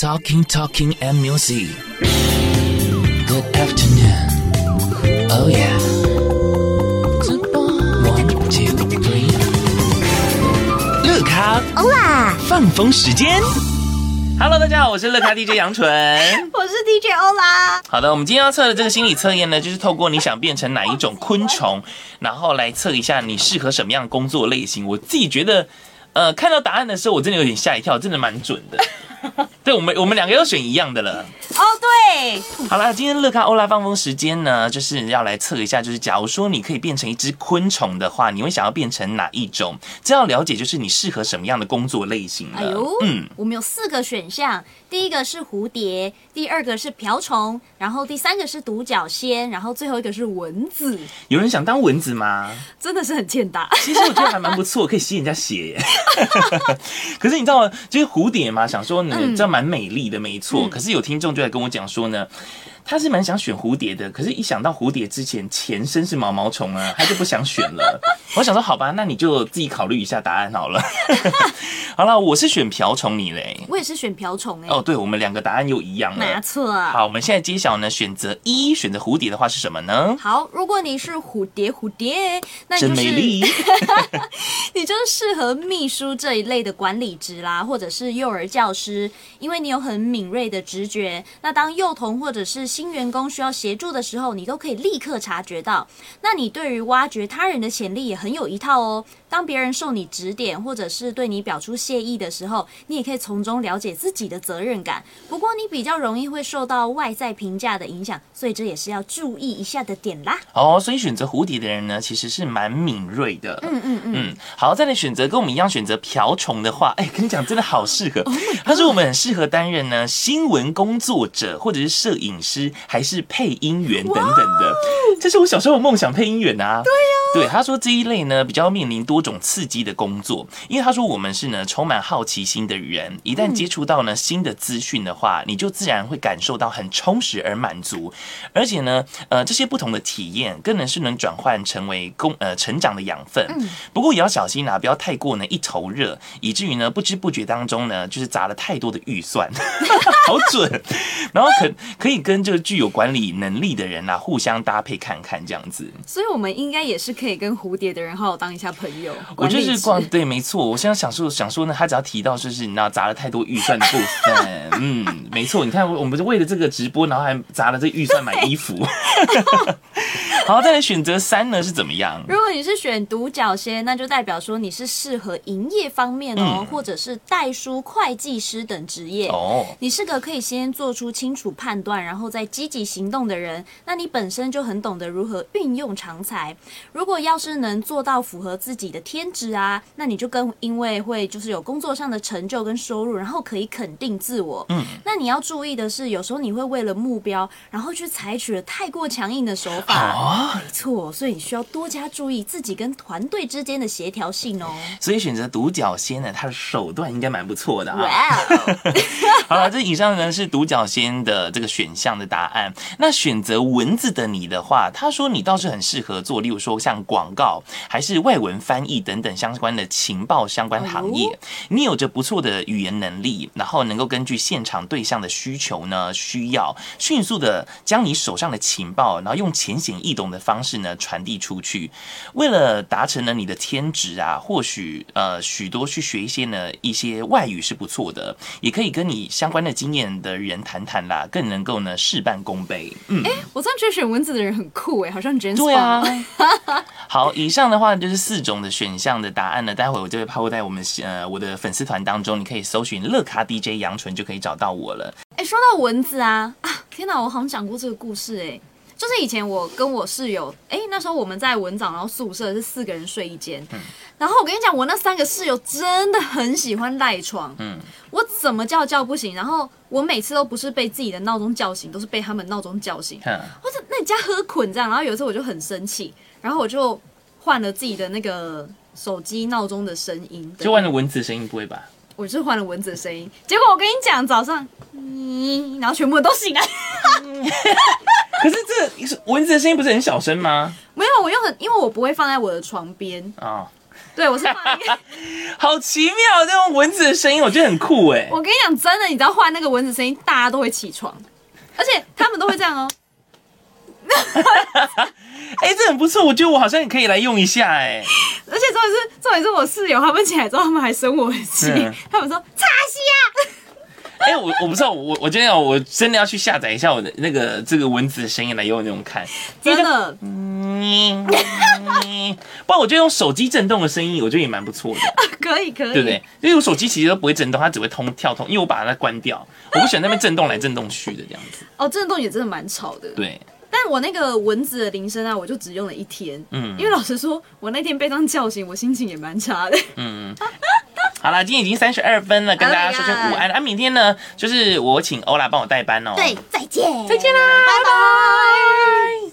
Talking, talking, and music. Good afternoon. Oh yeah. One, two, three. 樂咖，歐啦，放風時間。Hello，大家好，我是樂咖 DJ 楊純， 我是 DJ 歐啦。好的，我們今天要測的這個心理測驗呢，就是透過你想變成哪一種昆蟲， 然後來測一下你適合什麼樣工作類型。我自己覺得，呃，看到答案的時候，我真的有點嚇一跳，真的蠻準的。 對我們，我們兩個要選一樣的了。哦、oh，對。好了，今天樂咖歐啦放風時間呢，就是要來測一下，就是假如說你可以變成一隻昆蟲的話，你會想要變成哪一種？這要了解就是你適合什麼樣的工作類型了。哎呦，嗯，我們有四個選項，第一個是蝴蝶，第二個是瓢蟲，然後第三個是獨角仙，然後最後一個是蚊子。有人想當蚊子嗎？真的是很欠打。 其實我覺得還蠻不錯，可以吸人家血。 可是你知道嗎？就是蝴蝶嘛，想說。嗯，這蠻美麗的，沒錯，嗯。可是有聽眾就在跟我講說呢。他是蠻想選蝴蝶的，可是，一想到蝴蝶之前前身是毛毛蟲啊，他就不想選了。 我想說，好吧，那你就自己考慮一下答案好了。 好了，我是選瓢蟲，你嘞？我也是選瓢蟲哎、欸。哦，對，我們兩個答案又一樣了。沒錯。好，我們現在揭曉呢，選擇一，選擇蝴蝶的話是什麼呢？好，如果你是蝴蝶，蝴蝶，那你就是、真美麗， 你就是適合秘書這一類的管理職啦，或者是幼兒教師，因為你有很敏銳的直覺。那當幼童或者是新員工需要協助的時候，你都可以立刻察覺到。那你對於挖掘他人的潛力也很有一套哦。當別人受你指點，或者是對你表出謝意的時候，你也可以從中了解自己的責任感。不過你比較容易會受到外在評價的影響，所以這也是要注意一下的點啦。哦，所以選擇蝴蝶的人呢，其實是蠻敏銳的。嗯嗯嗯，嗯。好，再來選擇跟我們一樣選擇瓢蟲的話，哎、欸，跟你講真的好適合。他、oh、說我們很適合擔任呢新聞工作者或者是攝影師。還是配音員等等的。這是我小時候的夢想，配音員啊。對呀，對他說這一類呢，比較面臨多種刺激的工作，因為他說我們是呢充滿好奇心的人，一旦接觸到呢新的資訊的話，你就自然會感受到很充實而滿足，而且呢，呃，這些不同的體驗，更能是能轉換成為工呃成長的養分。不過也要小心啊，不要太過呢一頭熱，以至於呢不知不覺當中呢，就是砸了太多的預算。 好準，然後可可以跟。具有管理能力的人啊，互相搭配看看這樣子，所以我們應該也是可以跟蝴蝶的人好好當一下朋友。我就是逛，對，沒錯。我現在想說，想說呢，他只要提到就是，你知道砸了太多預算的部分。 嗯，沒錯。你看，我們就為了這個直播，然後還砸了這預算買衣服。然後再來選擇三呢是怎麼樣？如果你是選獨角仙，那就代表說你是適合營業方面哦，嗯、或者是代書、會計師等職業哦。你是個可以先做出清楚判斷，然後再積極行動的人。那你本身就很懂得如何運用長才。如果要是能做到符合自己的天職啊，那你就更因為會就是有工作上的成就跟收入，然後可以肯定自我。嗯，那你要注意的是，有時候你會為了目標，然後去採取了太過強硬的手法。哦哦、沒錯，所以你需要多加注意自己跟團隊之間的協調性哦。所以選擇獨角仙呢，他的手段應該蠻不錯的啊。哇， 好了，這以上呢是獨角仙的這個選項的答案。那選擇蚊子的你的話，他說你倒是很適合做，例如說像廣告，還是外文翻譯等等相關的情報相關行業。哎、你有着不錯的語言能力，然後能夠根據現場對象的需求呢，需要迅速的將你手上的情報，然後用淺顯易懂。這種的方式呢，傳遞出去，為了達成了你的天職啊，或許呃許多去學一些呢一些外語是不錯的，也可以跟你相關的經驗的人談談啦，更能夠呢事半功倍。嗯，哎、欸，我突然覺得選蚊子的人很酷哎、欸，好像真 i，對啊。 好，以上的話就是四種的選項的答案呢，待會我就會拋在我們呃我的粉絲團當中，你可以搜尋樂咖 DJ 楊純就可以找到我了。哎、欸，說到蚊子啊啊，天哪，我好像講過這個故事哎、欸。就是以前我跟我室友，哎、欸，那時候我們在文藻，然後宿舍是四個人睡一間、嗯。然後我跟你講，我那三個室友真的很喜歡賴床。嗯。我怎麼叫叫不醒，然後我每次都不是被自己的鬧鐘叫醒，都是被他們鬧鐘叫醒。或、嗯、者那你家喝捆這樣。然後有一次我就很生氣，然後我就換了自己的那個手機鬧鐘的聲音，就換了蚊子聲音，不會吧？我就換了蚊子聲音，結果我跟你講，早上、嗯，然後全部都醒了。嗯 可是這蚊子的聲音不是很小聲嗎？沒有，我用很，因為我不會放在我的床邊啊。Oh. 對，我是放在。 好奇妙，這種蚊子的聲音，我覺得很酷哎。我跟你講，真的，你知道換那個蚊子聲音，大家都會起床，而且他們都會這樣哦、喔。哈哈哈！哎，這很不錯，我覺得我好像也可以來用一下哎。 而且重點是，重點是我室友他們起來之後，他們還生我氣、嗯，他們說。哎、欸，我我不知道，我我真的要，我真的要去下載一下我的那個這個蚊子的聲音來用那種看，真的。嗯，不然我覺得用手機震動的聲音，我覺得也蠻不錯的、啊。可以可以，對不對？因為我手機其實都不會震動，它只會通跳通，因為我把它關掉，我不喜歡那邊震動來震動去的這樣子。哦，震動也真的蠻吵的。對。但我那個蚊子的鈴聲啊，我就只用了一天。嗯。因為老實說，我那天被它叫醒，我心情也蠻差的。嗯。好啦，今天已經三十二分了，跟大家說聲午安了。Oh yeah. 啊，明天呢，就是我請歐啦幫我代班哦。對，再見，再見啦，拜拜。Bye bye